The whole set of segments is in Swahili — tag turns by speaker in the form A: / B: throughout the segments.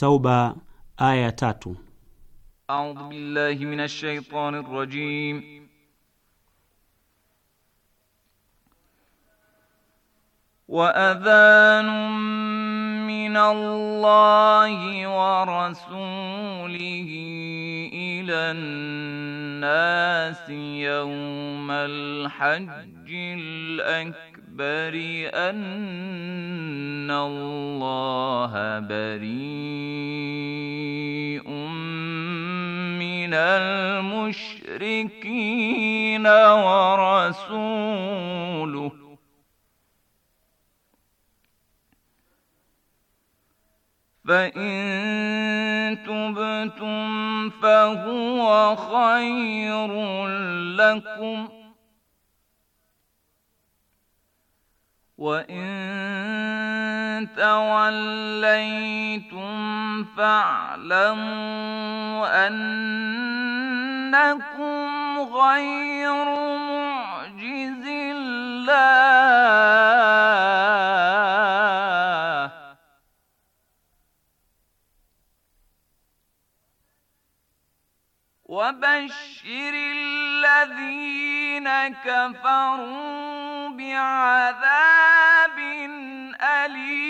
A: Tauba aya tatu.
B: A'udhu billahi minash shaitani rajim. وأذان من الله ورسوله إلى الناس يوم الحج الأكبر أن الله بريء المشركين ورسوله فإن تبتم فهو خير لكم وإن توليتم فاعلموا أن إنكم غير معجز الله وبشر الذين كفروا بعذاب أليم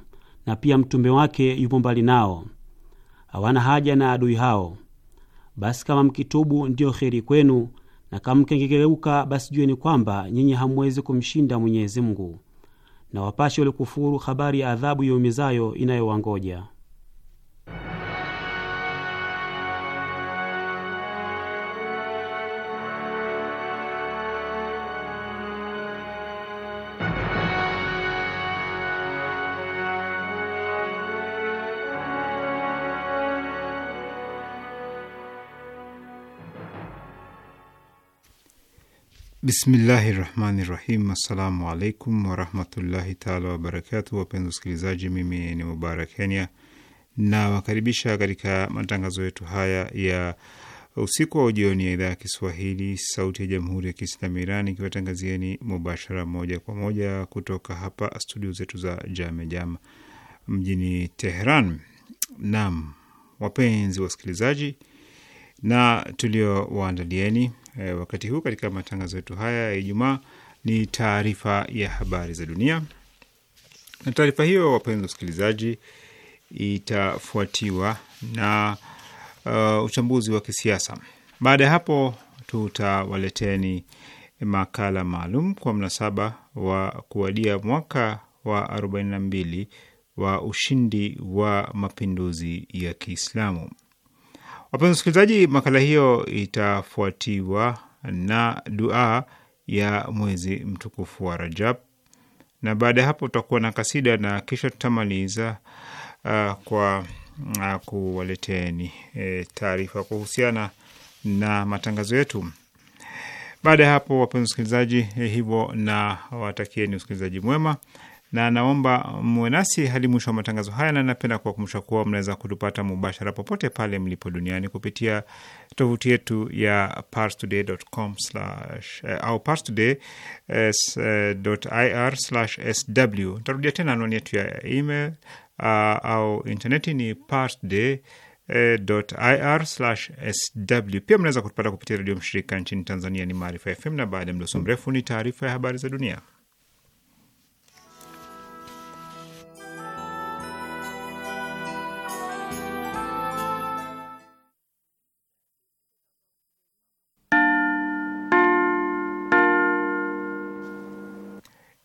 A: na pia mtume wake yupo mbali nao, hawana haja na adui hao. Basi kama mkitubu ndiyo kheri kwenu, na kama mkengegeuka, basi jueni kwamba nyinyi hamuwezi kumshinda Mwenyezi Mungu, na wapashe walikufuru habari ya adhabu yaumizayo inayowangoja. Bismillahi rahmani rahim. Assalamu alaikum warahmatullahi taala wabarakatu. Wapenzi wasikilizaji, mimi ni Mubarak Kenya nawakaribisha katika matangazo yetu haya ya usiku wa ujioni ya idhaa ya Kiswahili sauti ya jamhuri ya Kiislamu Iran ikiwatangazieni mubashara moja kwa moja kutoka hapa studio zetu za Jame mjini Teheran. Naam, wapenzi wasikilizaji, na tuliowaandalieni e, wakati huu katika matangazo yetu haya ya Ijumaa ni taarifa ya habari za dunia, na taarifa hiyo, wapenzi wasikilizaji, itafuatiwa na uh, uchambuzi wa kisiasa. Baada ya hapo, tutawaleteni makala maalum kwa mnasaba wa kuwadia mwaka wa 42 wa ushindi wa mapinduzi ya Kiislamu. Wapenzi wasikilizaji, makala hiyo itafuatiwa na dua ya mwezi mtukufu wa Rajab, na baada ya hapo tutakuwa na kasida na kisha tutamaliza uh, kwa uh, kuwaleteni e, taarifa kuhusiana na matangazo yetu. Baada ya hapo, wapenzi wasikilizaji, eh, hivyo na watakieni usikilizaji mwema na naomba mwe nasi hadi mwisho wa matangazo haya, na napenda kuwakumbusha kuwa mnaweza kutupata mubashara popote pale mlipo duniani kupitia tovuti yetu ya parstoday.com au parstoday.ir/sw. Tarudia tena anwani yetu ya email uh, au intaneti ni parstoday sw Pia mnaweza kutupata kupitia redio mshirika nchini Tanzania ni Maarifa FM, na baada ya mdoso mrefu ni taarifa ya habari za dunia.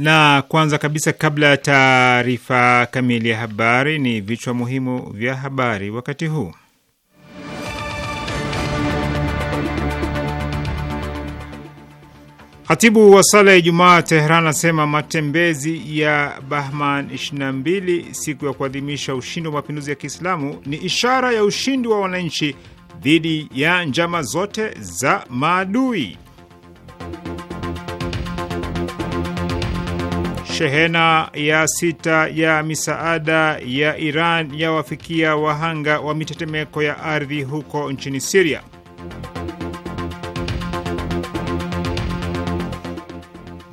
A: Na kwanza kabisa, kabla ya taarifa kamili ya habari, ni vichwa muhimu vya habari wakati huu. hatibu wa sala ya Ijumaa Tehran anasema matembezi ya Bahman 22 siku ya kuadhimisha ushindi wa mapinduzi ya Kiislamu ni ishara ya ushindi wa wananchi dhidi ya njama zote za maadui. Shehena ya sita ya misaada ya Iran yawafikia wahanga wa mitetemeko ya ardhi huko nchini Siria.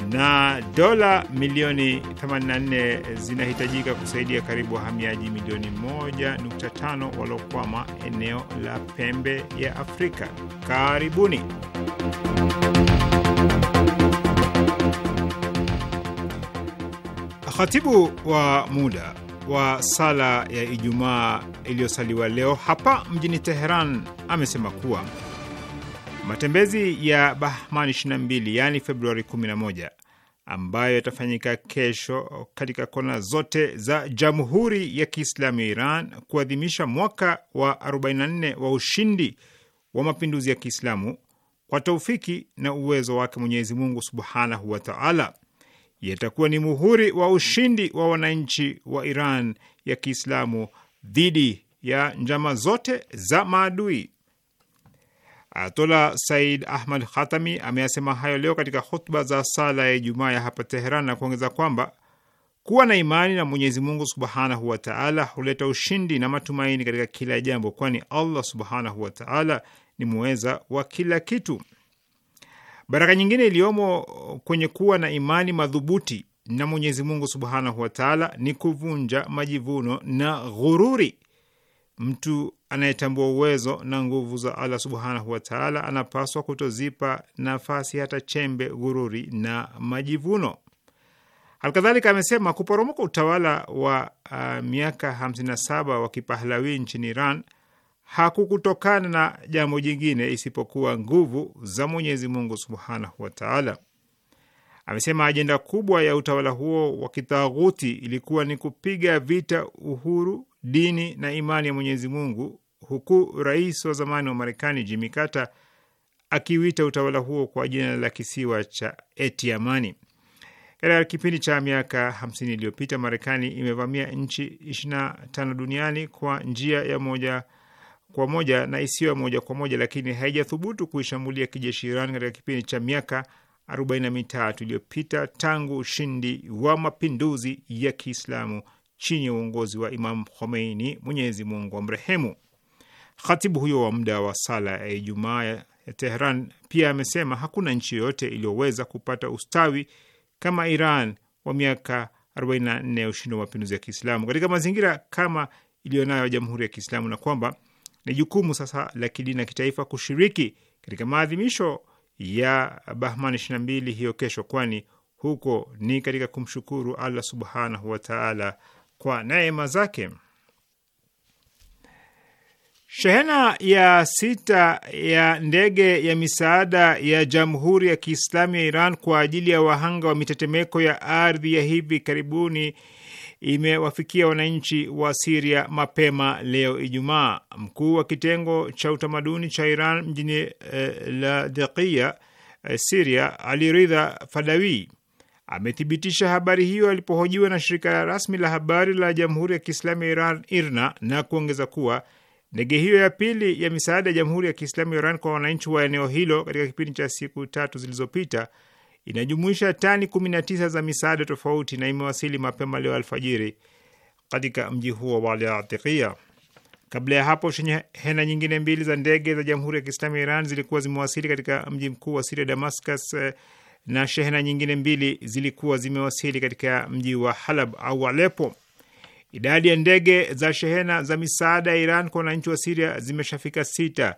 A: na dola milioni 84 zinahitajika kusaidia karibu wahamiaji milioni 1.5 waliokwama eneo la pembe ya Afrika. Karibuni. Khatibu wa muda wa sala ya Ijumaa iliyosaliwa leo hapa mjini Teheran amesema kuwa matembezi ya Bahman 22 yaani Februari 11 ambayo yatafanyika kesho katika kona zote za Jamhuri ya Kiislamu ya Iran kuadhimisha mwaka wa 44 wa ushindi wa mapinduzi ya Kiislamu kwa taufiki na uwezo wake Mwenyezi Mungu subhanahu wa taala yatakuwa ni muhuri wa ushindi wa wananchi wa Iran ya Kiislamu dhidi ya njama zote za maadui. Atola Said Ahmad Khatami ameyasema hayo leo katika hutuba za sala ya Ijumaa ya hapa Teheran na kuongeza kwamba kuwa na imani na Mwenyezi Mungu subhanahu wa taala huleta ushindi na matumaini katika kila jambo, kwani Allah subhanahu wa taala ni muweza wa kila kitu. Baraka nyingine iliyomo kwenye kuwa na imani madhubuti na Mwenyezi Mungu subhanahu wa taala ni kuvunja majivuno na ghururi. Mtu anayetambua uwezo na nguvu za Allah subhanahu wa taala anapaswa kutozipa nafasi hata chembe ghururi na majivuno. Alkadhalika amesema kuporomoka utawala wa uh, miaka 57 wa Kipahlawi nchini Iran hakukutokana na jambo jingine isipokuwa nguvu za Mwenyezi Mungu subhanahu wa taala. Amesema ajenda kubwa ya utawala huo wa kitaghuti ilikuwa ni kupiga vita uhuru, dini na imani ya Mwenyezi Mungu, huku rais wa zamani wa Marekani Jimmy Carter akiwita utawala huo kwa jina la kisiwa cha eti amani. Katika kipindi cha miaka 50 iliyopita, Marekani imevamia nchi 25 duniani kwa njia ya moja kwa moja na isiyo ya moja kwa moja, lakini haijathubutu kuishambulia kijeshi Iran katika kipindi cha miaka 43 iliyopita tangu ushindi wa mapinduzi ya Kiislamu chini ya uongozi wa Imam Khomeini, Mwenyezi Mungu amrehemu. Khatibu huyo wa muda wa sala ya Ijumaa ya Tehran pia amesema hakuna nchi yoyote iliyoweza kupata ustawi kama Iran wa miaka 44 ya ushindi wa mapinduzi ya Kiislamu katika mazingira kama iliyonayo Jamhuri ya Kiislamu na kwamba ni jukumu sasa la kidini na kitaifa kushiriki katika maadhimisho ya Bahman 22 hiyo kesho, kwani huko ni katika kumshukuru Allah subhanahu wataala kwa neema zake. Shehena ya sita ya ndege ya misaada ya Jamhuri ya Kiislamu ya Iran kwa ajili ya wahanga wa mitetemeko ya ardhi ya hivi karibuni imewafikia wananchi wa Siria mapema leo Ijumaa. Mkuu wa kitengo cha utamaduni cha Iran mjini eh, Ladhikia eh, Siria, Ali Ridha Fadawi amethibitisha habari hiyo alipohojiwa na shirika rasmi la habari la Jamhuri ya Kiislamu ya Iran IRNA na kuongeza kuwa ndege hiyo ya pili ya misaada ya Jamhuri ya Kiislamu ya Iran kwa wananchi wa eneo hilo katika kipindi cha siku tatu zilizopita inajumuisha tani 19 za misaada tofauti na imewasili mapema leo alfajiri katika mji huo wa al Kabla ya hapo, shehena nyingine mbili za ndege za Jamhuri ya Kiislamu ya Iran zilikuwa zimewasili katika mji mkuu wa Siria, Damascus, eh, na shehena nyingine mbili zilikuwa zimewasili katika mji wa Halab au Alepo. Idadi ya ndege za shehena za misaada ya Iran kwa wananchi wa Siria zimeshafika sita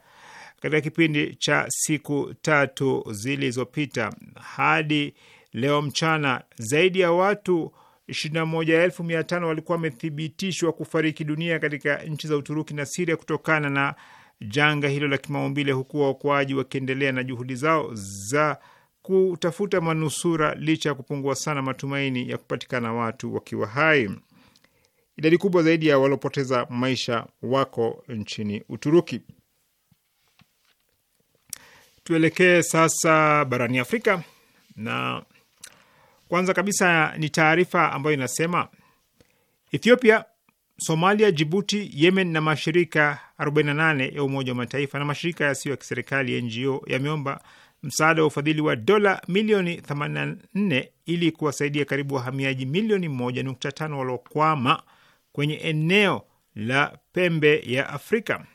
A: katika kipindi cha siku tatu zilizopita hadi leo mchana, zaidi ya watu 21,500 walikuwa wamethibitishwa kufariki dunia katika nchi za Uturuki na Siria kutokana na janga hilo la kimaumbile, huku waokoaji wakiendelea na juhudi zao za kutafuta manusura licha ya kupungua sana matumaini ya kupatikana watu wakiwa hai. Idadi kubwa zaidi ya walopoteza maisha wako nchini Uturuki. Tuelekee sasa barani Afrika na kwanza kabisa ni taarifa ambayo inasema Ethiopia, Somalia, Jibuti, Yemen na mashirika 48 ya Umoja wa Mataifa na mashirika yasiyo ya kiserikali ya NGO yameomba msaada wa ufadhili wa dola milioni 84 ili kuwasaidia karibu wahamiaji milioni 1.5 waliokwama kwenye eneo la pembe ya Afrika.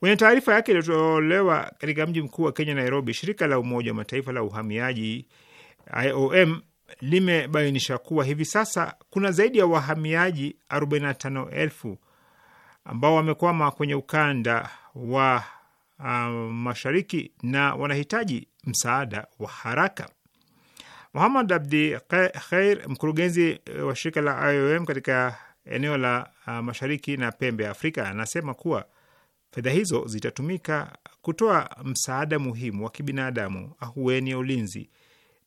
A: Kwenye taarifa yake iliyotolewa katika mji mkuu wa Kenya, Nairobi, shirika la Umoja wa Mataifa la uhamiaji IOM limebainisha kuwa hivi sasa kuna zaidi ya wahamiaji 45,000 ambao wamekwama kwenye ukanda wa uh, mashariki na wanahitaji msaada wa haraka. Muhamad Abdi Khair, mkurugenzi uh, wa shirika la IOM katika eneo la uh, mashariki na pembe ya Afrika, anasema kuwa Fedha hizo zitatumika kutoa msaada muhimu wa kibinadamu, ahueni ya ulinzi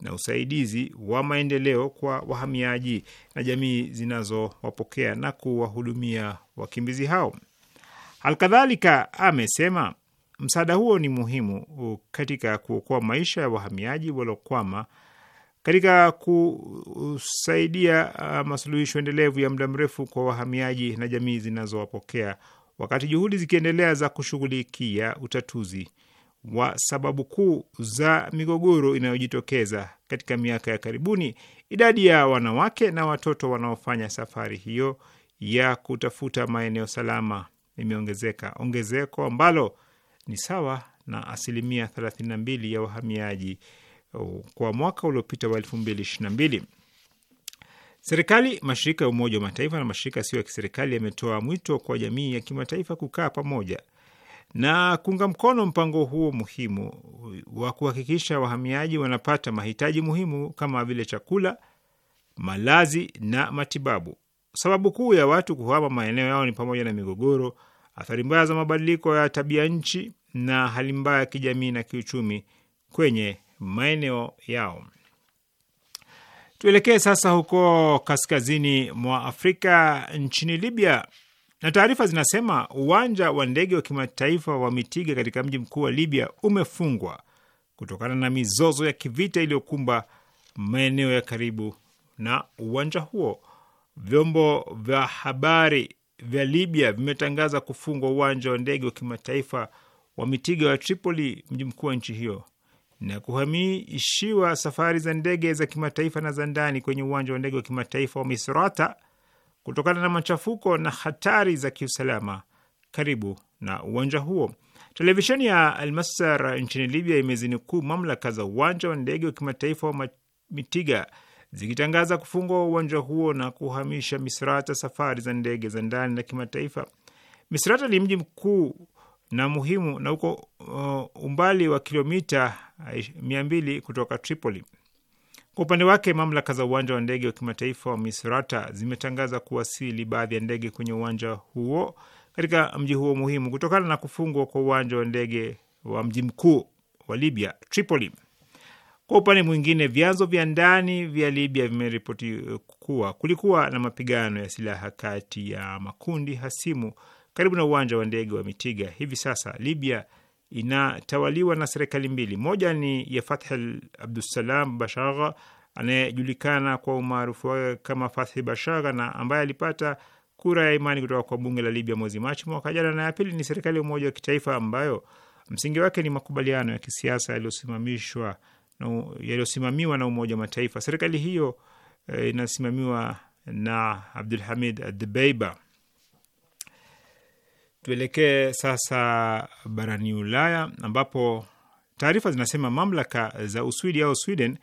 A: na usaidizi wa maendeleo kwa wahamiaji na jamii zinazowapokea na kuwahudumia wakimbizi hao. Alkadhalika, amesema msaada huo ni muhimu katika kuokoa maisha ya wahamiaji waliokwama, katika kusaidia uh, masuluhisho endelevu ya muda mrefu kwa wahamiaji na jamii zinazowapokea wakati juhudi zikiendelea za kushughulikia utatuzi wa sababu kuu za migogoro inayojitokeza katika miaka ya karibuni, idadi ya wanawake na watoto wanaofanya safari hiyo ya kutafuta maeneo salama imeongezeka, ongezeko ambalo ni sawa na asilimia 32 ya wahamiaji uh, kwa mwaka uliopita wa 2022. Serikali, mashirika ya Umoja wa Mataifa na mashirika yasiyo ya kiserikali yametoa mwito kwa jamii ya kimataifa kukaa pamoja na kuunga mkono mpango huo muhimu wa kuhakikisha wahamiaji wanapata mahitaji muhimu kama vile chakula, malazi na matibabu. Sababu kuu ya watu kuhama maeneo yao ni pamoja na migogoro, athari mbaya za mabadiliko ya tabia nchi na hali mbaya ya kijamii na kiuchumi kwenye maeneo yao. Tuelekee sasa huko kaskazini mwa Afrika, nchini Libya, na taarifa zinasema uwanja wa ndege wa kimataifa wa Mitiga katika mji mkuu wa Libya umefungwa kutokana na mizozo ya kivita iliyokumba maeneo ya karibu na uwanja huo. Vyombo vya habari vya Libya vimetangaza kufungwa uwanja wa ndege wa kimataifa wa Mitiga wa Tripoli, mji mkuu wa nchi hiyo na kuhamishiwa safari za ndege za kimataifa na za ndani kwenye uwanja wa ndege wa kimataifa wa Misrata kutokana na machafuko na hatari za kiusalama karibu na uwanja huo. Televisheni ya Almasar nchini Libya imezinukuu mamlaka za uwanja wa ndege wa kimataifa wa Mitiga zikitangaza kufungwa uwanja huo na kuhamisha Misrata safari za ndege za ndani na kimataifa. Misrata ni mji mkuu na muhimu na uko uh, umbali wa kilomita uh, mia mbili kutoka Tripoli. Kwa upande wake, mamlaka za uwanja wa ndege wa kimataifa wa Misrata zimetangaza kuwasili baadhi ya ndege kwenye uwanja huo katika mji huo muhimu kutokana na kufungwa kwa uwanja wa ndege wa mji mkuu wa Libya, Tripoli. Kwa upande mwingine, vyanzo vya ndani vya Libya vimeripoti kuwa kulikuwa na mapigano ya silaha kati ya makundi hasimu karibu na uwanja wa ndege wa Mitiga. Hivi sasa Libya inatawaliwa na serikali mbili, moja ni ya Fathi Abdusalam Bashagha anayejulikana kwa umaarufu wake kama Fathi Bashagha na ambaye alipata kura ya imani kutoka kwa bunge la Libya mwezi Machi mwaka jana, na ya pili ni serikali ya umoja wa kitaifa ambayo msingi wake ni makubaliano ya kisiasa yaliyosimamishwa yaliyosimamiwa na Umoja wa Mataifa. Serikali hiyo eh, inasimamiwa na Abdul Hamid Adbeiba. Tuelekee sasa barani Ulaya ambapo taarifa zinasema mamlaka za Uswidi au Sweden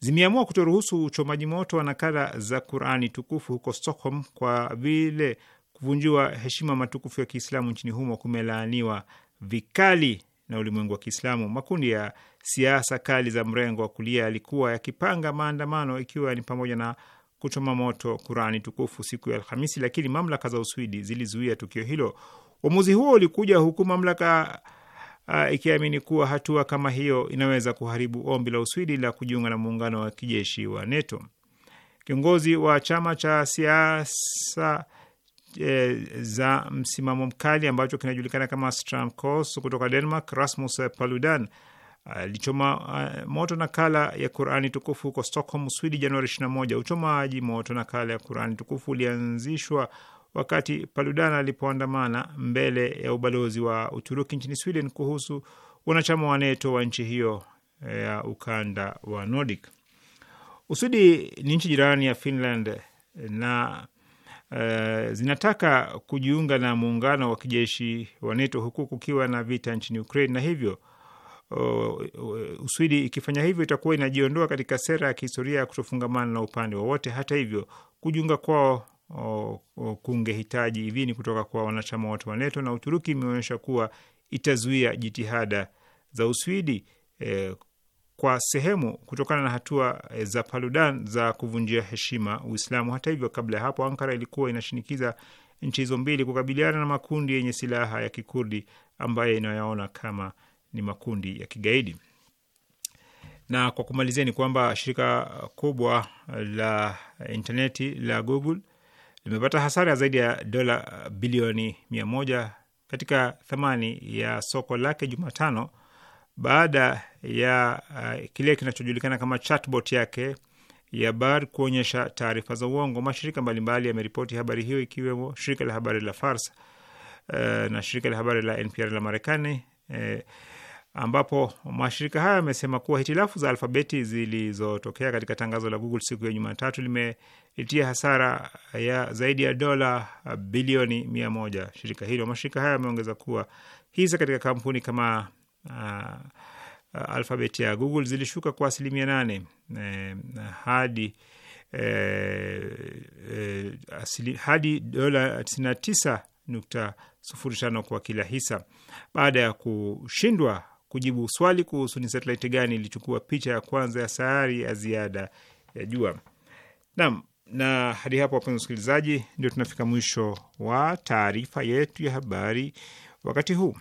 A: zimeamua kutoruhusu uchomaji moto wa nakala za Qurani tukufu huko Stockholm kwa vile kuvunjiwa heshima matukufu ya Kiislamu nchini humo kumelaaniwa vikali na ulimwengu wa Kiislamu. Makundi ya siasa kali za mrengo wa kulia yalikuwa yakipanga maandamano, ikiwa ni pamoja na kuchoma moto Qurani tukufu siku ya Alhamisi, lakini mamlaka za Uswidi zilizuia tukio hilo. Uamuzi huo ulikuja huku mamlaka uh, ikiamini kuwa hatua kama hiyo inaweza kuharibu ombi la Uswidi la kujiunga na muungano wa kijeshi wa NATO. Kiongozi wa chama cha siasa e, za msimamo mkali ambacho kinajulikana kama stramcos kutoka Denmark, Rasmus Paludan alichoma uh, moto nakala ya Qurani tukufu huko Stockholm, uswidi Januari 21. Uchomaji moto nakala ya Qurani tukufu ulianzishwa wakati Paludan alipoandamana mbele ya ubalozi wa Uturuki nchini Sweden kuhusu wanachama wa NATO wa nchi hiyo eh, ya ukanda wa Nordic. Uswidi ni nchi jirani ya Finland na uh, zinataka kujiunga na muungano wa kijeshi wa NATO huku kukiwa na vita nchini Ukraine, na hivyo uh, Uswidi ikifanya hivyo itakuwa inajiondoa katika sera ya kihistoria ya kutofungamana na upande wowote. Hata hivyo kujiunga kwao kunge hitaji kungehitaji idhini kutoka kwa wanachama wote wa NATO na Uturuki imeonyesha kuwa itazuia jitihada za Uswidi e, kwa sehemu kutokana na hatua e, za Paludan za kuvunjia heshima Uislamu. Hata hivyo, kabla ya hapo Ankara ilikuwa inashinikiza nchi hizo mbili kukabiliana na makundi yenye silaha ya Kikurdi ambayo inayaona kama ni makundi ya kigaidi. Na kwa kumalizia, ni kwamba shirika kubwa la intaneti la Google limepata hasara zaidi ya dola uh, bilioni mia moja katika thamani ya soko lake Jumatano baada ya uh, kile kinachojulikana kama chatbot yake ya Bar kuonyesha taarifa za uongo. Mashirika mbalimbali yameripoti habari hiyo ikiwemo shirika la habari la Fars uh, na shirika la habari la NPR la Marekani uh, ambapo mashirika hayo yamesema kuwa hitilafu za alfabeti zilizotokea katika tangazo la Google siku ya Jumatatu lime ilitia hasara ya zaidi ya dola uh, bilioni mia moja shirika hilo. Mashirika haya yameongeza kuwa hisa katika kampuni kama uh, uh, Alphabet ya Google zilishuka kwa asilimia nane eh, hadi eh, eh, asili, hadi dola tano kwa kila hisa baada ya kushindwa kujibu swali kuhusu ni satelaiti gani ilichukua picha ya kwanza ya sayari ya ziada ya jua. Naam, na hadi hapo, wapenzi wasikilizaji, ndio tunafika mwisho wa taarifa yetu ya habari wakati huu.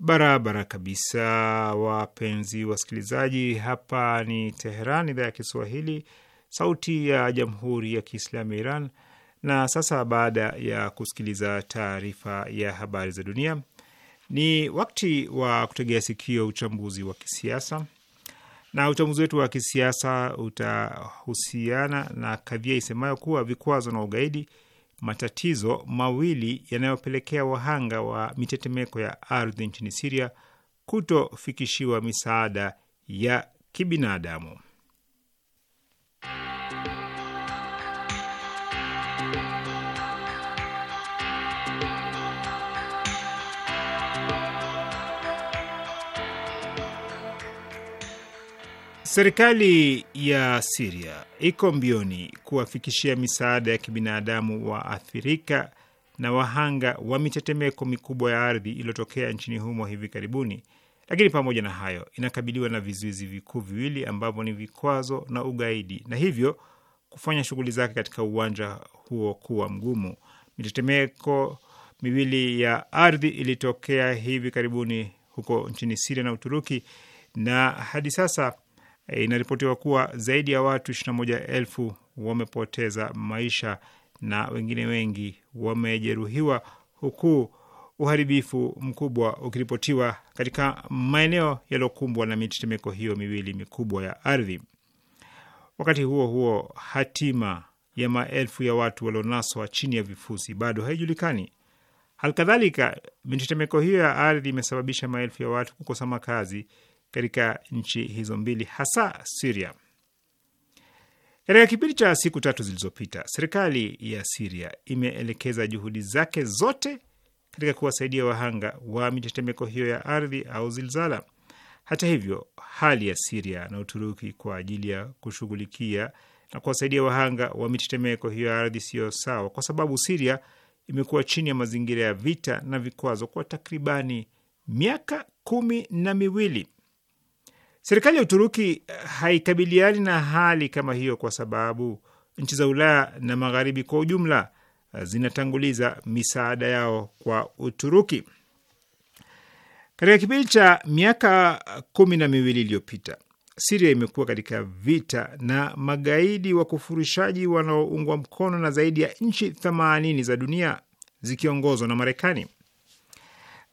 A: Barabara kabisa, wapenzi wasikilizaji, hapa ni Teheran, idhaa ya Kiswahili, Sauti ya Jamhuri ya Kiislamu ya Iran. Na sasa baada ya kusikiliza taarifa ya habari za dunia, ni wakati wa kutegea sikio uchambuzi wa kisiasa, na uchambuzi wetu wa kisiasa utahusiana na kadhia isemayo kuwa vikwazo na ugaidi, matatizo mawili yanayopelekea wahanga wa mitetemeko ya ardhi nchini Siria kutofikishiwa misaada ya kibinadamu. Serikali ya Siria iko mbioni kuwafikishia misaada ya kibinadamu waathirika na wahanga wa mitetemeko mikubwa ya ardhi iliyotokea nchini humo hivi karibuni, lakini pamoja na hayo inakabiliwa na vizuizi vikuu viwili ambavyo ni vikwazo na ugaidi, na hivyo kufanya shughuli zake katika uwanja huo kuwa mgumu. Mitetemeko miwili ya ardhi ilitokea hivi karibuni huko nchini Siria na Uturuki, na hadi sasa E, inaripotiwa kuwa zaidi ya watu 21,000 wamepoteza maisha na wengine wengi wamejeruhiwa huku uharibifu mkubwa ukiripotiwa katika maeneo yaliyokumbwa na mitetemeko hiyo miwili mikubwa ya ardhi. Wakati huo huo, hatima ya maelfu ya watu walionaswa chini ya vifusi bado haijulikani. Halikadhalika, mitetemeko hiyo ya ardhi imesababisha maelfu ya watu kukosa makazi katika nchi hizo mbili, hasa Siria. Katika kipindi cha siku tatu zilizopita, serikali ya Siria imeelekeza juhudi zake zote katika kuwasaidia wahanga wa mitetemeko hiyo ya ardhi au zilzala. Hata hivyo, hali ya Siria na Uturuki kwa ajili ya kushughulikia na kuwasaidia wahanga wa mitetemeko hiyo ya ardhi siyo sawa, kwa sababu Siria imekuwa chini ya mazingira ya vita na vikwazo kwa takribani miaka kumi na miwili. Serikali ya Uturuki eh, haikabiliani na hali kama hiyo kwa sababu nchi za Ulaya na magharibi kwa ujumla eh, zinatanguliza misaada yao kwa Uturuki. Katika kipindi cha miaka eh, kumi na miwili iliyopita, Siria imekuwa katika vita na magaidi wa kufurishaji wanaoungwa mkono na zaidi ya nchi 80 za dunia zikiongozwa na Marekani.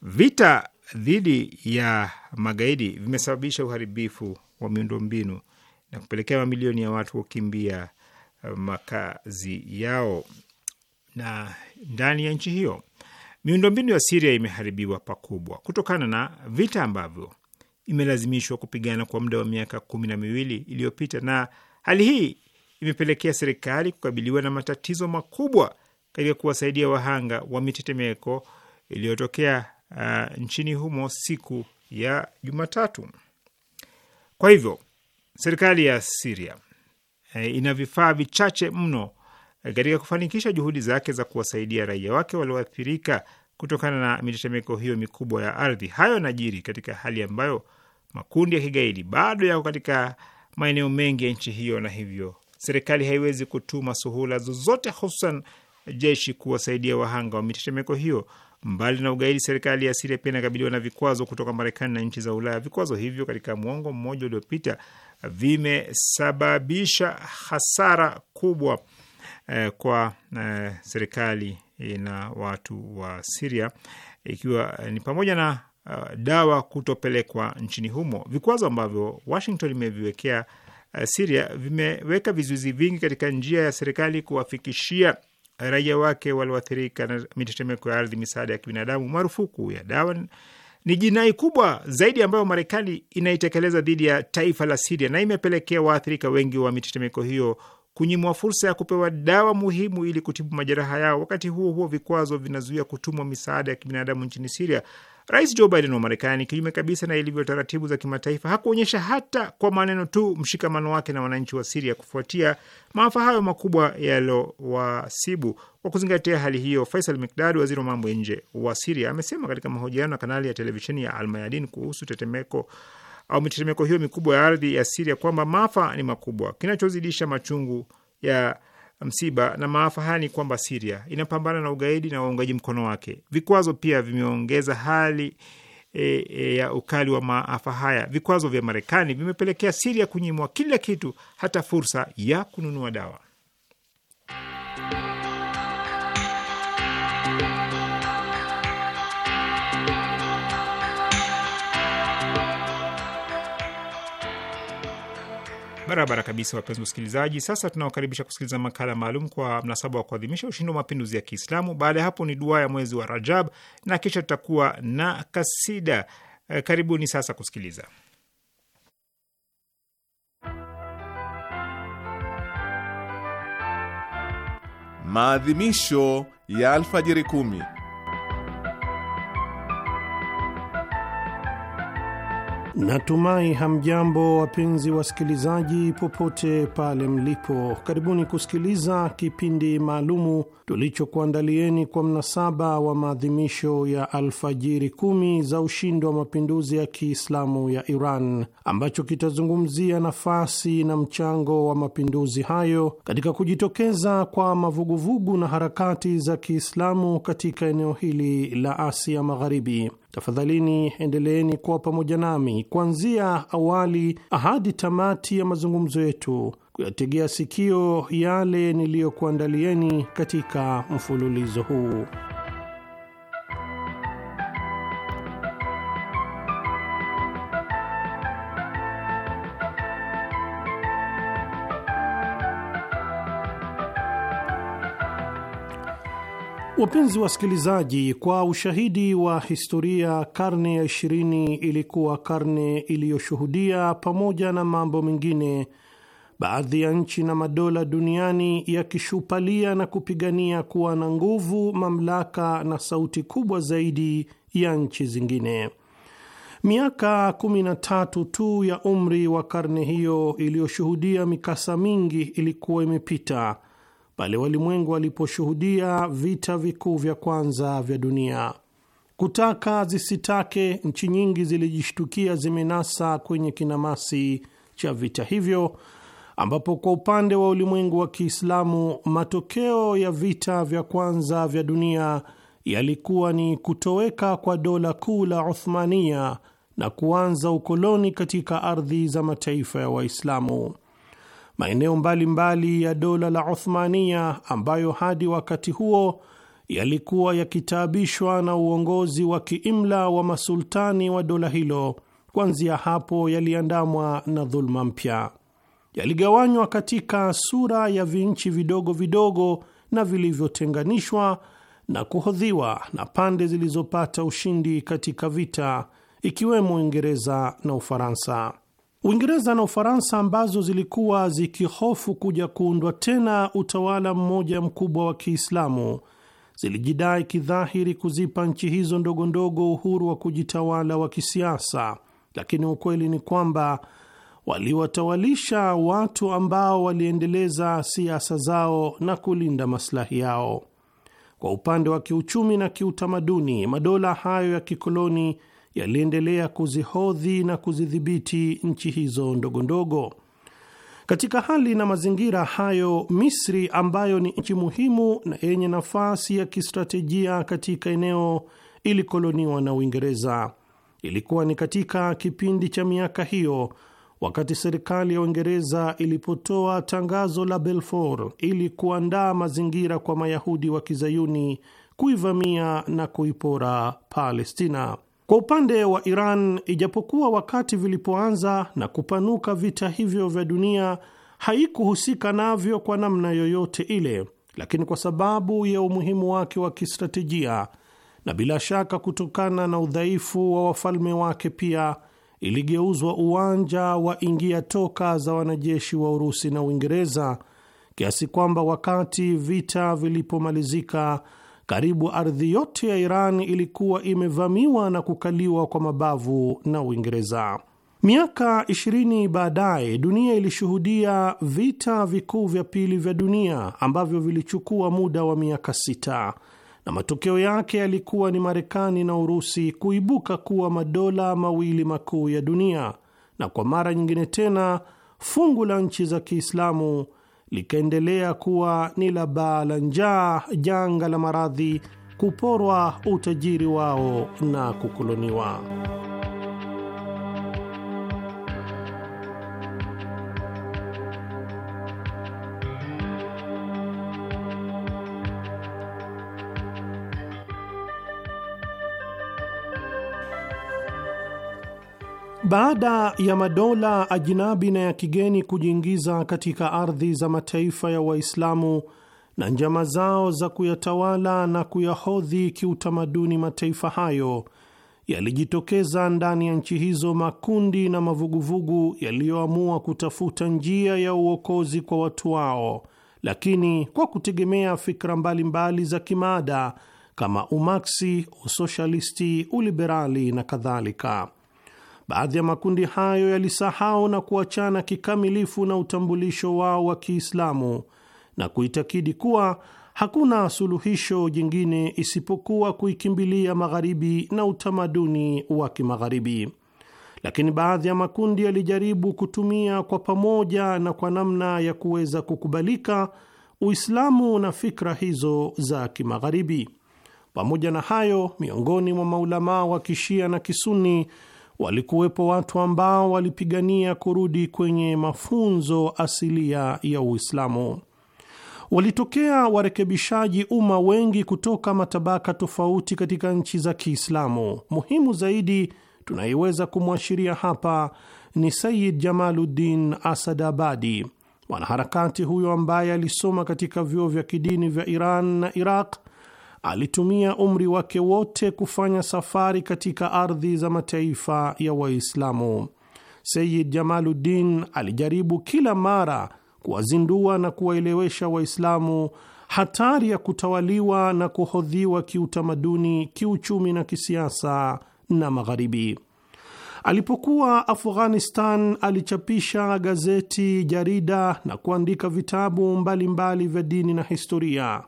A: Vita dhidi ya magaidi vimesababisha uharibifu wa miundombinu na kupelekea mamilioni ya watu kukimbia uh, makazi yao na ndani ya nchi hiyo. Miundombinu ya Siria imeharibiwa pakubwa kutokana na vita ambavyo imelazimishwa kupigana kwa muda wa miaka kumi na miwili iliyopita, na hali hii imepelekea serikali kukabiliwa na matatizo makubwa katika kuwasaidia wahanga wa mitetemeko iliyotokea uh, nchini humo siku ya Jumatatu. Kwa hivyo serikali ya Siria e, eh, ina vifaa vichache mno eh, katika kufanikisha juhudi zake za kuwasaidia raia wake walioathirika kutokana na mitetemeko hiyo mikubwa ya ardhi. Hayo yanajiri katika hali ambayo makundi ya kigaidi bado yako katika maeneo mengi ya nchi hiyo, na hivyo serikali haiwezi kutuma suhula zozote, hususan jeshi kuwasaidia wahanga wa mitetemeko hiyo. Mbali na ugaidi, serikali ya Siria pia inakabiliwa na vikwazo kutoka Marekani na nchi za Ulaya. Vikwazo hivyo katika mwongo mmoja uliopita vimesababisha hasara kubwa eh, kwa eh, serikali eh, na watu wa Siria, ikiwa eh, ni pamoja na uh, dawa kutopelekwa nchini humo. Vikwazo ambavyo Washington imeviwekea uh, Siria vimeweka vizuizi vingi katika njia ya serikali kuwafikishia raia wake walioathirika na mitetemeko ya ardhi misaada ya kibinadamu, marufuku ya dawa ni jinai kubwa zaidi ambayo Marekani inaitekeleza dhidi ya taifa la Siria na imepelekea waathirika wengi wa mitetemeko hiyo kunyimwa fursa ya kupewa dawa muhimu ili kutibu majeraha yao. Wakati huo huo, vikwazo vinazuia kutumwa misaada ya kibinadamu nchini Siria Rais Joe Biden wa Marekani, kinyume kabisa na ilivyo taratibu za kimataifa, hakuonyesha hata kwa maneno tu mshikamano wake na wananchi wa Siria kufuatia maafa hayo makubwa yaliyowasibu Kwa kuzingatia hali hiyo, Faisal Mikdad, waziri wa mambo ya nje wa Siria, amesema katika mahojiano na kanali ya televisheni ya Almayadin kuhusu tetemeko au mitetemeko hiyo mikubwa ya ardhi ya Siria kwamba maafa ni makubwa, kinachozidisha machungu ya msiba na maafa haya ni kwamba Siria inapambana na ugaidi na waungaji mkono wake. Vikwazo pia vimeongeza hali e, e, ya ukali wa maafa haya. Vikwazo vya Marekani vimepelekea Siria kunyimwa kila kitu, hata fursa ya kununua dawa. Barabara kabisa, wapenzi wasikilizaji. Sasa tunawakaribisha kusikiliza makala maalum kwa mnasaba wa kuadhimisha ushindi wa mapinduzi ya Kiislamu. Baada ya hapo ni dua ya mwezi wa Rajab na kisha tutakuwa na kasida. Eh, karibuni sasa kusikiliza.
C: Maadhimisho ya alfajiri kumi.
D: Natumai hamjambo wapenzi wasikilizaji, popote pale mlipo. Karibuni kusikiliza kipindi maalumu tulichokuandalieni kwa mnasaba wa maadhimisho ya alfajiri kumi za ushindi wa mapinduzi ya Kiislamu ya Iran, ambacho kitazungumzia nafasi na mchango wa mapinduzi hayo katika kujitokeza kwa mavuguvugu na harakati za Kiislamu katika eneo hili la Asia Magharibi. Tafadhalini endeleeni kuwa pamoja nami kuanzia awali hadi tamati ya mazungumzo yetu, kuyategea sikio yale niliyokuandalieni katika mfululizo huu. Wapenzi wasikilizaji, kwa ushahidi wa historia, karne ya ishirini ilikuwa karne iliyoshuhudia pamoja na mambo mengine, baadhi ya nchi na madola duniani yakishupalia na kupigania kuwa na nguvu, mamlaka na sauti kubwa zaidi ya nchi zingine. Miaka 13 tu ya umri wa karne hiyo iliyoshuhudia mikasa mingi ilikuwa imepita pale walimwengu waliposhuhudia vita vikuu vya kwanza vya dunia. Kutaka zisitake, nchi nyingi zilijishtukia zimenasa kwenye kinamasi cha vita hivyo, ambapo kwa upande wa ulimwengu wa Kiislamu matokeo ya vita vya kwanza vya dunia yalikuwa ni kutoweka kwa dola kuu la Uthmania na kuanza ukoloni katika ardhi za mataifa ya Waislamu maeneo mbalimbali ya dola la Othmania ambayo hadi wakati huo yalikuwa yakitaabishwa na uongozi wa kiimla wa masultani wa dola hilo. Kuanzia hapo yaliandamwa na dhuluma mpya, yaligawanywa katika sura ya vinchi vidogo vidogo na vilivyotenganishwa na kuhodhiwa na pande zilizopata ushindi katika vita, ikiwemo Uingereza na Ufaransa. Uingereza na Ufaransa ambazo zilikuwa zikihofu kuja kuundwa tena utawala mmoja mkubwa wa Kiislamu zilijidai kidhahiri kuzipa nchi hizo ndogo ndogo uhuru wa kujitawala wa kisiasa, lakini ukweli ni kwamba waliwatawalisha watu ambao waliendeleza siasa zao na kulinda maslahi yao. Kwa upande wa kiuchumi na kiutamaduni, madola hayo ya kikoloni yaliendelea kuzihodhi na kuzidhibiti nchi hizo ndogondogo. Katika hali na mazingira hayo, Misri ambayo ni nchi muhimu na yenye nafasi ya kistratejia katika eneo ilikoloniwa na Uingereza. Ilikuwa ni katika kipindi cha miaka hiyo wakati serikali ya Uingereza ilipotoa tangazo la Balfour ili kuandaa mazingira kwa Mayahudi wa Kizayuni kuivamia na kuipora Palestina. Kwa upande wa Iran, ijapokuwa wakati vilipoanza na kupanuka vita hivyo vya dunia haikuhusika navyo kwa namna yoyote ile, lakini kwa sababu ya umuhimu wake wa kistratejia na bila shaka kutokana na udhaifu wa wafalme wake, pia iligeuzwa uwanja wa ingia toka za wanajeshi wa Urusi na Uingereza, kiasi kwamba wakati vita vilipomalizika karibu ardhi yote ya Iran ilikuwa imevamiwa na kukaliwa kwa mabavu na Uingereza. Miaka 20 baadaye dunia ilishuhudia vita vikuu vya pili vya dunia ambavyo vilichukua muda wa miaka sita, na matokeo yake yalikuwa ni Marekani na Urusi kuibuka kuwa madola mawili makuu ya dunia, na kwa mara nyingine tena fungu la nchi za Kiislamu likaendelea kuwa ni la baa la njaa, janga la maradhi, kuporwa utajiri wao na kukoloniwa. Baada ya madola ajinabi na ya kigeni kujiingiza katika ardhi za mataifa ya Waislamu na njama zao za kuyatawala na kuyahodhi kiutamaduni mataifa hayo, yalijitokeza ndani ya nchi hizo makundi na mavuguvugu yaliyoamua kutafuta njia ya uokozi kwa watu wao, lakini kwa kutegemea fikra mbalimbali za kimaada kama umaksi, usoshalisti, uliberali na kadhalika. Baadhi ya makundi hayo yalisahau na kuachana kikamilifu na utambulisho wao wa Kiislamu na kuitakidi kuwa hakuna suluhisho jingine isipokuwa kuikimbilia magharibi na utamaduni wa kimagharibi. Lakini baadhi ya makundi yalijaribu kutumia kwa pamoja na kwa namna ya kuweza kukubalika Uislamu na fikra hizo za kimagharibi. Pamoja na hayo, miongoni mwa maulamaa wa Kishia na Kisuni walikuwepo watu ambao walipigania kurudi kwenye mafunzo asilia ya Uislamu. Walitokea warekebishaji umma wengi kutoka matabaka tofauti katika nchi za Kiislamu. Muhimu zaidi tunayeweza kumwashiria hapa ni Sayid Jamaluddin Asadabadi, mwanaharakati huyo ambaye alisoma katika vyuo vya kidini vya Iran na Iraq alitumia umri wake wote kufanya safari katika ardhi za mataifa ya Waislamu. Sayyid Jamaluddin alijaribu kila mara kuwazindua na kuwaelewesha Waislamu hatari ya kutawaliwa na kuhodhiwa kiutamaduni, kiuchumi na kisiasa na Magharibi. Alipokuwa Afghanistan alichapisha gazeti, jarida na kuandika vitabu mbalimbali vya dini na historia.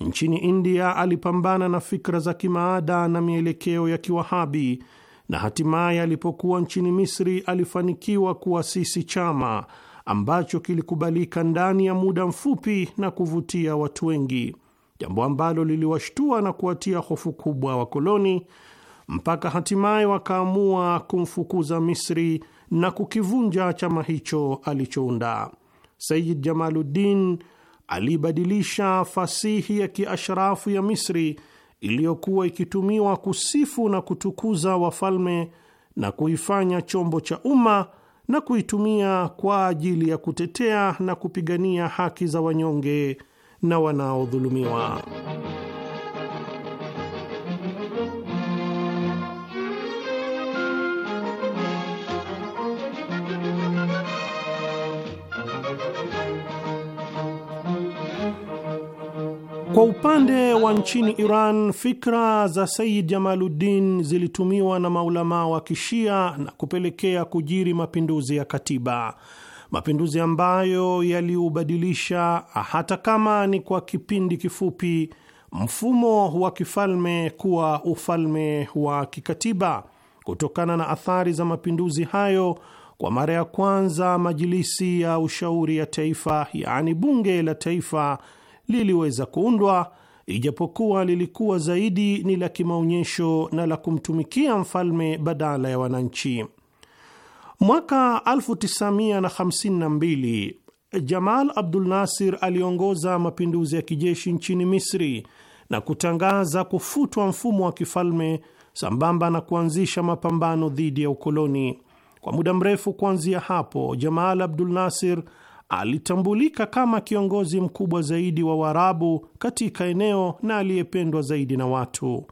D: Nchini India alipambana na fikra za kimaada na mielekeo ya Kiwahabi, na hatimaye alipokuwa nchini Misri alifanikiwa kuasisi chama ambacho kilikubalika ndani ya muda mfupi na kuvutia watu wengi, jambo ambalo liliwashtua na kuwatia hofu kubwa wakoloni, mpaka hatimaye wakaamua kumfukuza Misri na kukivunja chama hicho alichounda Sayyid Jamaluddin alibadilisha fasihi ya kiashrafu ya Misri iliyokuwa ikitumiwa kusifu na kutukuza wafalme na kuifanya chombo cha umma na kuitumia kwa ajili ya kutetea na kupigania haki za wanyonge na wanaodhulumiwa. Kwa upande wa nchini Iran, fikra za Sayyid Jamaluddin zilitumiwa na maulamaa wa Kishia na kupelekea kujiri mapinduzi ya katiba, mapinduzi ambayo yaliubadilisha, hata kama ni kwa kipindi kifupi, mfumo wa kifalme kuwa ufalme wa kikatiba. Kutokana na athari za mapinduzi hayo, kwa mara ya kwanza majilisi ya ushauri ya taifa, yaani bunge la taifa liliweza kuundwa, ijapokuwa lilikuwa zaidi ni la kimaonyesho na la kumtumikia mfalme badala ya wananchi. Mwaka 1952 Jamal Abdul Nasir aliongoza mapinduzi ya kijeshi nchini Misri na kutangaza kufutwa mfumo wa kifalme sambamba na kuanzisha mapambano dhidi ya ukoloni. Kwa muda mrefu kuanzia hapo, Jamal Abdul Nasir alitambulika kama kiongozi mkubwa zaidi wa Waarabu katika eneo na aliyependwa zaidi na watu,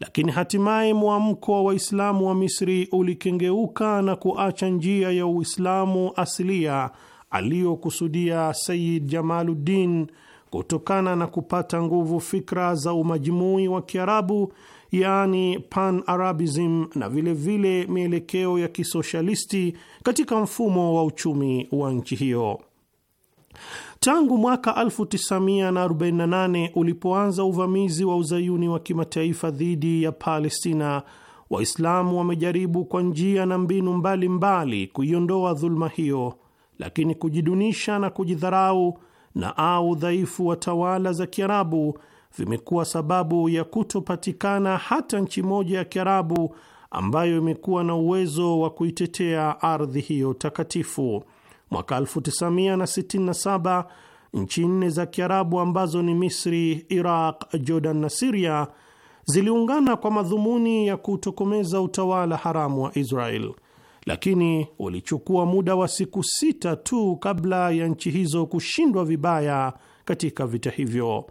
D: lakini hatimaye mwamko wa Waislamu wa Misri ulikengeuka na kuacha njia ya Uislamu asilia aliyokusudia Sayyid Jamaluddin kutokana na kupata nguvu fikra za umajimui wa Kiarabu yaani pan-Arabism na vilevile vile mielekeo ya kisoshalisti katika mfumo wa uchumi wa nchi hiyo. Tangu mwaka 1948 ulipoanza uvamizi wa uzayuni wa kimataifa dhidi ya Palestina, Waislamu wamejaribu kwa njia na mbinu mbalimbali kuiondoa dhuluma hiyo, lakini kujidunisha na kujidharau na au udhaifu wa tawala za Kiarabu vimekuwa sababu ya kutopatikana hata nchi moja ya Kiarabu ambayo imekuwa na uwezo wa kuitetea ardhi hiyo takatifu. Mwaka 1967 nchi nne za Kiarabu ambazo ni Misri, Iraq, Jordan na Siria ziliungana kwa madhumuni ya kutokomeza utawala haramu wa Israel, lakini ulichukua muda wa siku sita tu kabla ya nchi hizo kushindwa vibaya katika vita hivyo.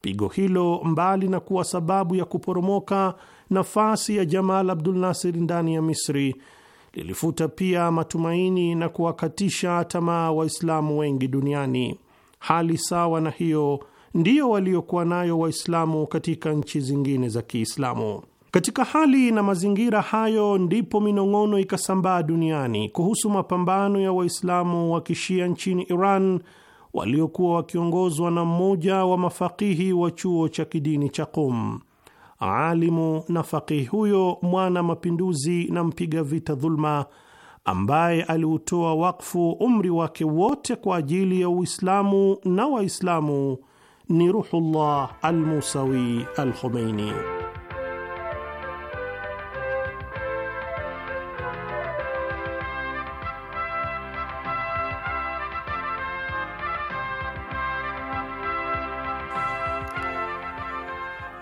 D: Pigo hilo mbali na kuwa sababu ya kuporomoka nafasi ya Jamal Abdul Nasir ndani ya Misri, lilifuta pia matumaini na kuwakatisha tamaa Waislamu wengi duniani. Hali sawa na hiyo ndiyo waliokuwa nayo Waislamu katika nchi zingine za Kiislamu. Katika hali na mazingira hayo ndipo minong'ono ikasambaa duniani kuhusu mapambano ya Waislamu wa Kishia nchini Iran waliokuwa wakiongozwa na mmoja wa mafakihi wa chuo cha kidini cha Qum. Alimu na fakihi huyo mwana mapinduzi na mpiga vita dhulma, ambaye aliutoa wakfu umri wake wote kwa ajili ya Uislamu na Waislamu, ni Ruhullah Almusawi Alkhomeini.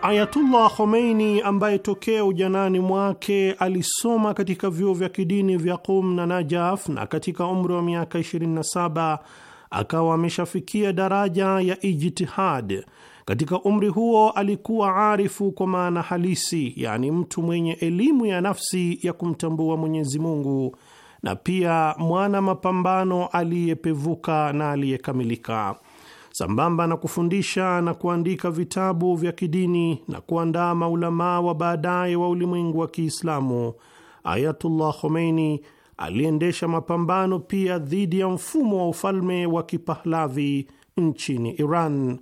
D: Ayatullah Khomeini ambaye tokea ujanani mwake alisoma katika vyuo vya kidini vya Qum na Najaf na katika umri wa miaka 27 akawa ameshafikia daraja ya ijtihad. Katika umri huo alikuwa arifu kwa maana halisi, yaani mtu mwenye elimu ya nafsi ya kumtambua Mwenyezi Mungu na pia mwana mapambano aliyepevuka na aliyekamilika sambamba na kufundisha na kuandika vitabu vya kidini na kuandaa maulamaa wa baadaye wa ulimwengu wa Kiislamu, Ayatullah Khomeini aliendesha mapambano pia dhidi ya mfumo wa ufalme wa Kipahlavi nchini Iran,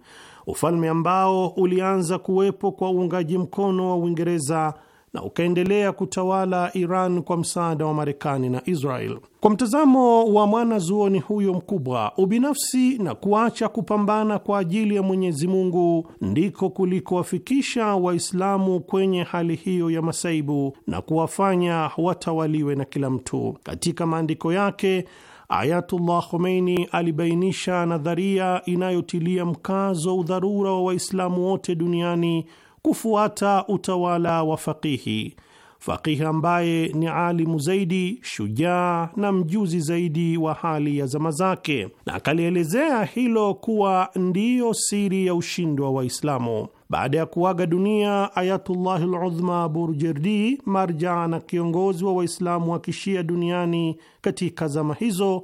D: ufalme ambao ulianza kuwepo kwa uungaji mkono wa Uingereza na ukaendelea kutawala Iran kwa msaada wa Marekani na Israel. Kwa mtazamo wa mwanazuoni huyo mkubwa, ubinafsi na kuacha kupambana kwa ajili ya Mwenyezi Mungu ndiko kulikowafikisha Waislamu kwenye hali hiyo ya masaibu na kuwafanya watawaliwe na kila mtu. Katika maandiko yake Ayatullah Khomeini alibainisha nadharia inayotilia mkazo udharura wa Waislamu wote duniani kufuata utawala wa faqihi, faqihi ambaye ni alimu zaidi, shujaa na mjuzi zaidi wa hali ya zama zake, na akalielezea hilo kuwa ndiyo siri ya ushindi wa Waislamu. Baada ya kuaga dunia Ayatullahi Ludhma Burjerdi, marja na kiongozi wa Waislamu wa kishia duniani katika zama hizo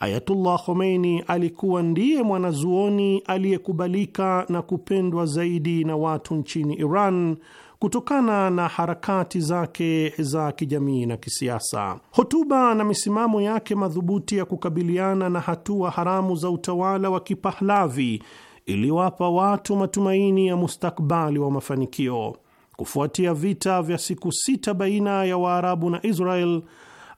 D: Ayatullah Khomeini alikuwa ndiye mwanazuoni aliyekubalika na kupendwa zaidi na watu nchini Iran kutokana na harakati zake za kijamii na kisiasa. Hotuba na misimamo yake madhubuti ya kukabiliana na hatua haramu za utawala wa Kipahlavi iliwapa watu matumaini ya mustakbali wa mafanikio. Kufuatia vita vya siku sita baina ya Waarabu na Israel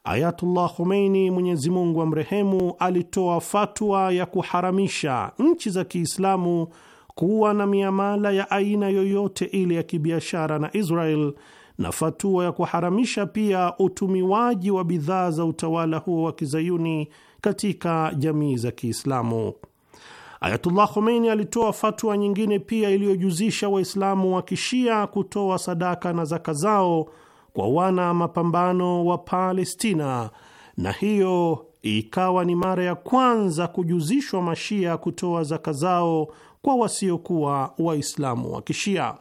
D: Ayatullah Khomeini, Mwenyezi Mungu amrehemu, alitoa fatwa ya kuharamisha nchi za Kiislamu kuwa na miamala ya aina yoyote ile ya kibiashara na Israel na fatua ya kuharamisha pia utumiwaji wa bidhaa za utawala huo wa kizayuni katika jamii za Kiislamu. Ayatullah Khomeini alitoa fatwa nyingine pia iliyojuzisha Waislamu wa kishia kutoa sadaka na zaka zao kwa wana mapambano wa Palestina, na hiyo ikawa ni mara ya kwanza kujuzishwa Mashia kutoa zaka zao kwa wasiokuwa Waislamu wa Kishia.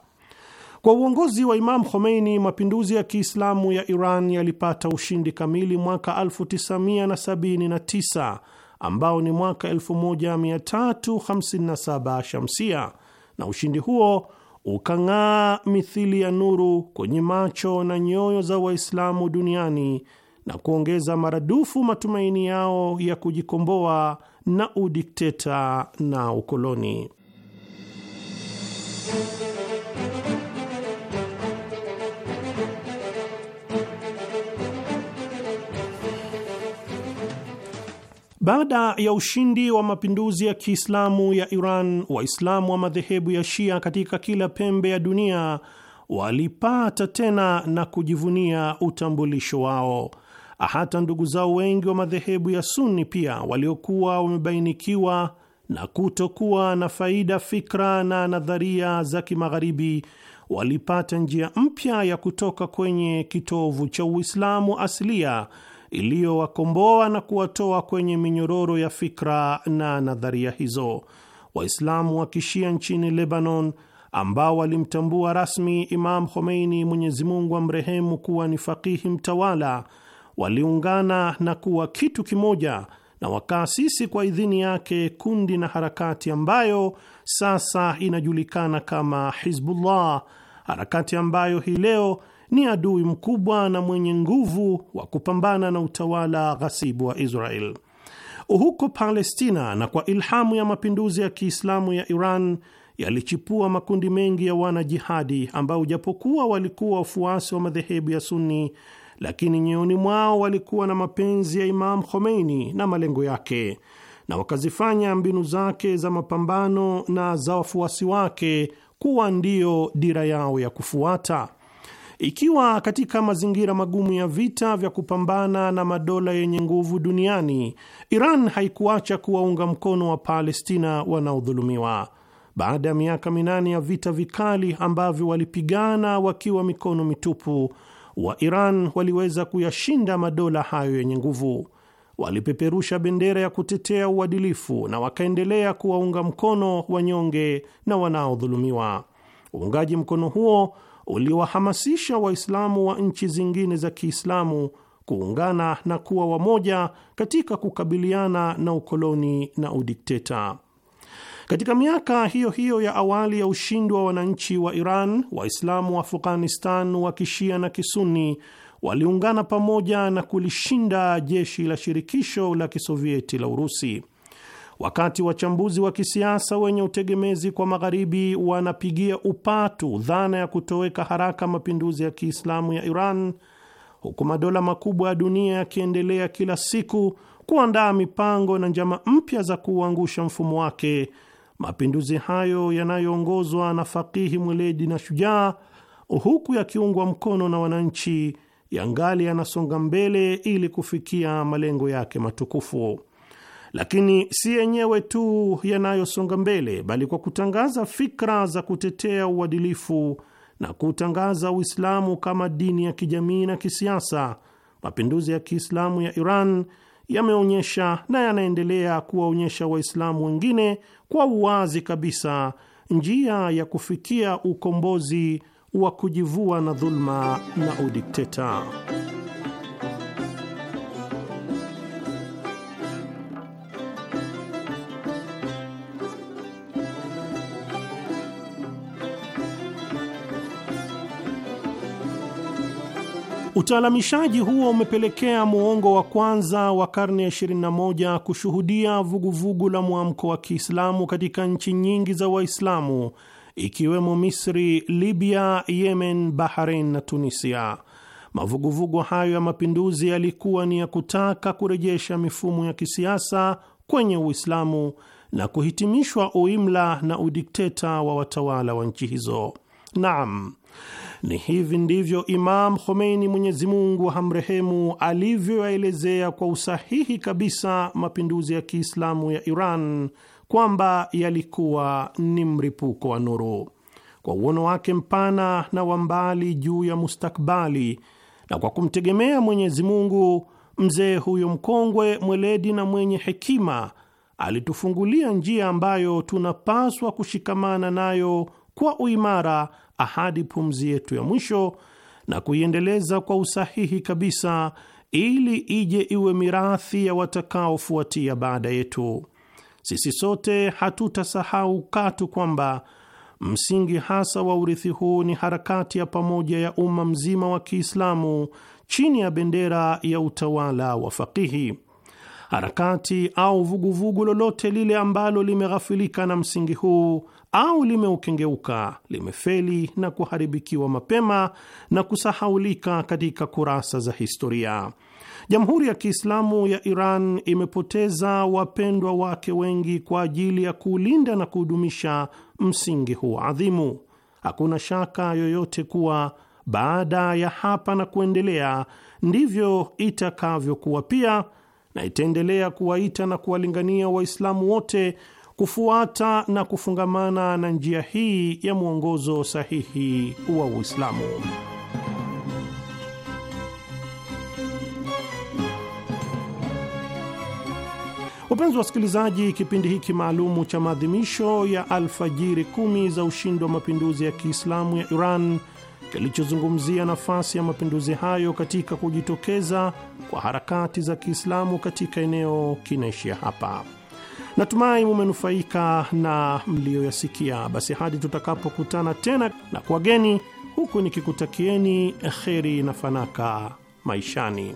D: Kwa uongozi wa Imam Khomeini, mapinduzi ya Kiislamu ya Iran yalipata ushindi kamili mwaka 1979 ambao ni mwaka 1357 Shamsia, na ushindi huo ukang'aa mithili ya nuru kwenye macho na nyoyo za Waislamu duniani na kuongeza maradufu matumaini yao ya kujikomboa na udikteta na ukoloni. Baada ya ushindi wa mapinduzi ya Kiislamu ya Iran, Waislamu wa madhehebu ya Shia katika kila pembe ya dunia walipata tena na kujivunia utambulisho wao. Hata ndugu zao wengi wa madhehebu ya Sunni pia waliokuwa wamebainikiwa na kutokuwa na faida fikra na nadharia za kimagharibi walipata njia mpya ya kutoka kwenye kitovu cha Uislamu asilia iliyowakomboa na kuwatoa kwenye minyororo ya fikra na nadharia hizo. Waislamu wa kishia nchini Lebanon ambao walimtambua rasmi Imam Khomeini, Mwenyezi Mungu amrehemu, kuwa ni fakihi mtawala, waliungana na kuwa kitu kimoja na wakaasisi kwa idhini yake kundi na harakati ambayo sasa inajulikana kama Hizbullah, harakati ambayo hii leo ni adui mkubwa na mwenye nguvu wa kupambana na utawala ghasibu wa Israel huko Palestina. Na kwa ilhamu ya mapinduzi ya Kiislamu ya Iran yalichipua makundi mengi ya wanajihadi ambao japokuwa walikuwa wafuasi wa madhehebu ya Sunni, lakini nyoyoni mwao walikuwa na mapenzi ya Imam Khomeini na malengo yake, na wakazifanya mbinu zake za mapambano na za wafuasi wake kuwa ndiyo dira yao ya kufuata. Ikiwa katika mazingira magumu ya vita vya kupambana na madola yenye nguvu duniani, Iran haikuacha kuwaunga mkono wa Palestina wanaodhulumiwa. Baada ya miaka minane ya vita vikali ambavyo walipigana wakiwa mikono mitupu, wa Iran waliweza kuyashinda madola hayo yenye nguvu. Walipeperusha bendera ya kutetea uadilifu na wakaendelea kuwaunga mkono wanyonge na wanaodhulumiwa. Uungaji mkono huo uliwahamasisha Waislamu wa nchi zingine za Kiislamu kuungana na kuwa wamoja katika kukabiliana na ukoloni na udikteta. Katika miaka hiyo hiyo ya awali ya ushindi wa wananchi wa Iran, Waislamu wa Afghanistan wa Kishia na Kisuni waliungana pamoja na kulishinda jeshi la shirikisho la Kisovieti la Urusi. Wakati wachambuzi wa kisiasa wenye utegemezi kwa magharibi wanapigia upatu dhana ya kutoweka haraka mapinduzi ya Kiislamu ya Iran, huku madola makubwa ya dunia yakiendelea kila siku kuandaa mipango na njama mpya za kuuangusha mfumo wake, mapinduzi hayo yanayoongozwa na fakihi mweledi na shujaa, huku yakiungwa mkono na wananchi, yangali yanasonga mbele ili kufikia malengo yake matukufu lakini si yenyewe tu yanayosonga mbele, bali kwa kutangaza fikra za kutetea uadilifu na kutangaza Uislamu kama dini ya kijamii na kisiasa, mapinduzi ya Kiislamu ya Iran yameonyesha na yanaendelea kuwaonyesha Waislamu wengine kwa uwazi kabisa njia ya kufikia ukombozi wa kujivua na dhulma na udikteta. Utaalamishaji huo umepelekea muongo wa kwanza wa karne ya 21 kushuhudia vuguvugu vugu la mwamko wa Kiislamu katika nchi nyingi za Waislamu ikiwemo Misri, Libya, Yemen, Bahrain na Tunisia. Mavuguvugu hayo ya mapinduzi yalikuwa ni ya kutaka kurejesha mifumo ya kisiasa kwenye Uislamu na kuhitimishwa uimla na udikteta wa watawala wa nchi hizo. Naam. Ni hivi ndivyo Imam Khomeini, Mwenyezi Mungu hamrehemu, alivyoyaelezea kwa usahihi kabisa mapinduzi ya Kiislamu ya Iran kwamba yalikuwa ni mripuko wa nuru. Kwa uono wake mpana na wa mbali juu ya mustakbali na kwa kumtegemea Mwenyezi Mungu, mzee huyo mkongwe, mweledi na mwenye hekima alitufungulia njia ambayo tunapaswa kushikamana nayo kwa uimara ahadi pumzi yetu ya mwisho na kuiendeleza kwa usahihi kabisa ili ije iwe mirathi ya watakaofuatia baada yetu. Sisi sote hatutasahau katu kwamba msingi hasa wa urithi huu ni harakati ya pamoja ya umma mzima wa Kiislamu chini ya bendera ya utawala wa fakihi. Harakati au vuguvugu vugu lolote lile ambalo limeghafilika na msingi huu au limeukengeuka, limefeli na kuharibikiwa mapema na kusahaulika katika kurasa za historia. Jamhuri ya Kiislamu ya Iran imepoteza wapendwa wake wengi kwa ajili ya kuulinda na kuhudumisha msingi huu adhimu. Hakuna shaka yoyote kuwa baada ya hapa na kuendelea ndivyo itakavyokuwa pia, na itaendelea kuwaita na kuwalingania Waislamu wote kufuata na kufungamana na njia hii ya mwongozo sahihi wa Uislamu. Wapenzi wasikilizaji, kipindi hiki maalumu cha maadhimisho ya alfajiri kumi za ushindi wa mapinduzi ya Kiislamu ya Iran kilichozungumzia nafasi ya mapinduzi hayo katika kujitokeza kwa harakati za Kiislamu katika eneo kinaishia hapa. Natumai mumenufaika na mliyoyasikia. Basi hadi tutakapokutana tena na kwageni, huku nikikutakieni kheri na fanaka maishani.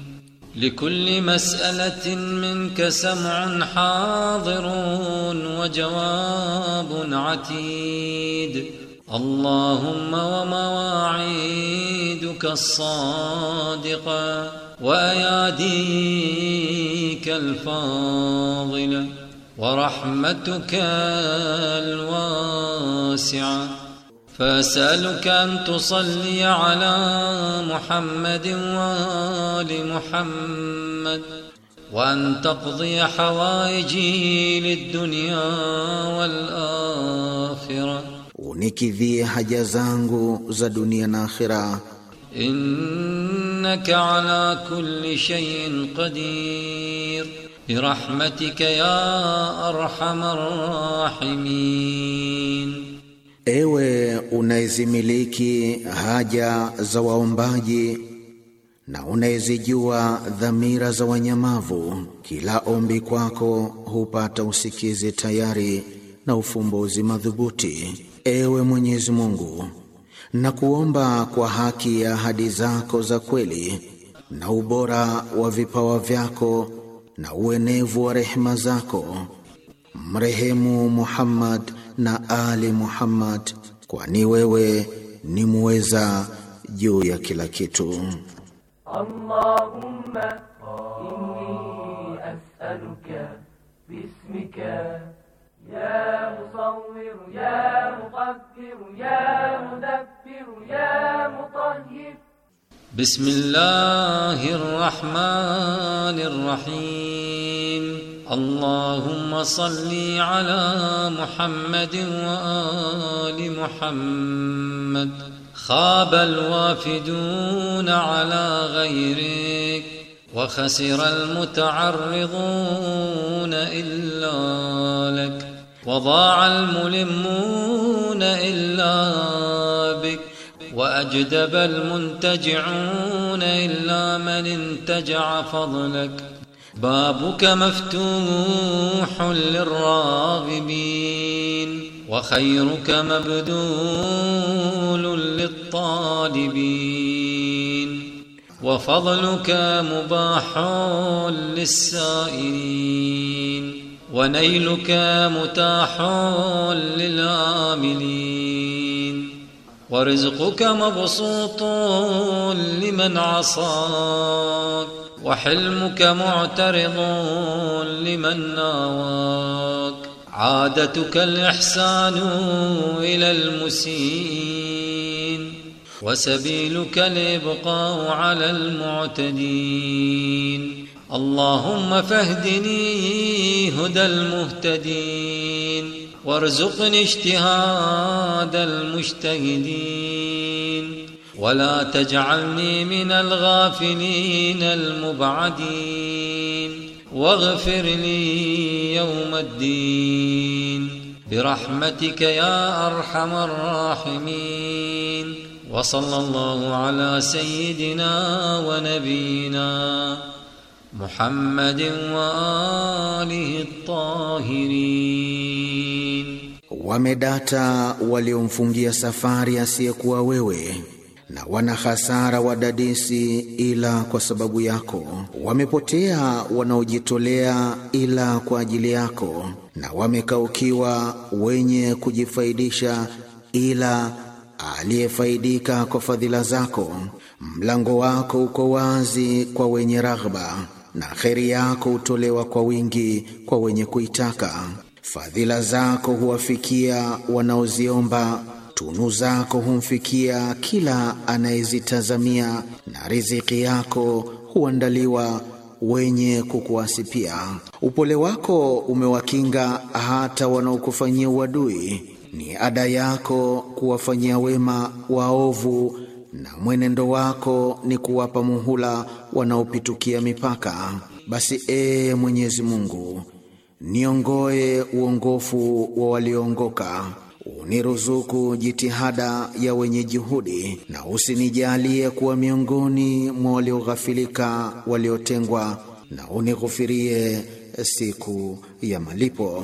E: لكل مسألة منك سمع حاضر وجواب عتيد اللهم ومواعيدك الصادقة وأياديك الفاضلة ورحمتك الواسعه فاسالك ان تصلي على محمد وال
F: محمد
E: وان تقضي حوائجي للدنيا والاخره
F: ونكذي حجازانغو زا دنيا ناخره
E: انك على كل شيء قدير برحمتك يا ارحم
F: الراحمين Ewe unayezimiliki haja za waombaji na unayezijua dhamira za wanyamavu, kila ombi kwako hupata usikizi tayari na ufumbuzi madhubuti. Ewe Mwenyezi Mungu, nakuomba kwa haki ya ahadi zako za kweli na ubora wa vipawa vyako na uenevu wa rehema zako, mrehemu Muhammad na Ali Muhammad, kwani wewe ni muweza juu ya kila kitu.
G: Allahumma inni as'aluka bismika ya musawwir ya muqaddir ya mudabbir ya mutahhir
E: Bismillahir Rahmanir Rahim اللهم صل على محمد وآل محمد خاب الوافدون على غيرك وخسر المتعرضون إلا لك وضاع الملمون إلا بك وأجدب المنتجعون إلا من انتجع فضلك بابك مفتوح للراغبين وخيرك مبذول للطالبين وفضلك مباح للسائلين ونيلك متاح للآملين ورزقك مبسوط لمن عصاك وحلمك معترض لمن ناواك عادتك الإحسان إلى المسيء وسبيلك الإبقاء على المعتدين اللهم فاهدني هدى المهتدين وارزقني اجتهاد المجتهدين ولا تجعلني من الغافلين المبعدين واغفر لي يوم الدين برحمتك يا أرحم الراحمين وصلى الله على سيدنا ونبينا محمد
F: وآله الطاهرين ومدات wamedata waliomfungia safari asiyekuwa wewe na wana hasara wadadisi ila kwa sababu yako, wamepotea wanaojitolea ila kwa ajili yako, na wamekaukiwa wenye kujifaidisha ila aliyefaidika kwa fadhila zako. Mlango wako uko wazi kwa wenye raghba na kheri yako hutolewa kwa wingi kwa wenye kuitaka. Fadhila zako huwafikia wanaoziomba, tunu zako humfikia kila anayezitazamia, na riziki yako huandaliwa wenye kukuasi pia Upole wako umewakinga hata wanaokufanyia uadui. Ni ada yako kuwafanyia wema waovu na mwenendo wako ni kuwapa muhula wanaopitukia mipaka. Basi ee Mwenyezi Mungu, niongoe uongofu wa walioongoka, uniruzuku jitihada ya wenye juhudi, na usinijalie kuwa miongoni mwa walioghafilika waliotengwa, na unighufirie siku ya malipo.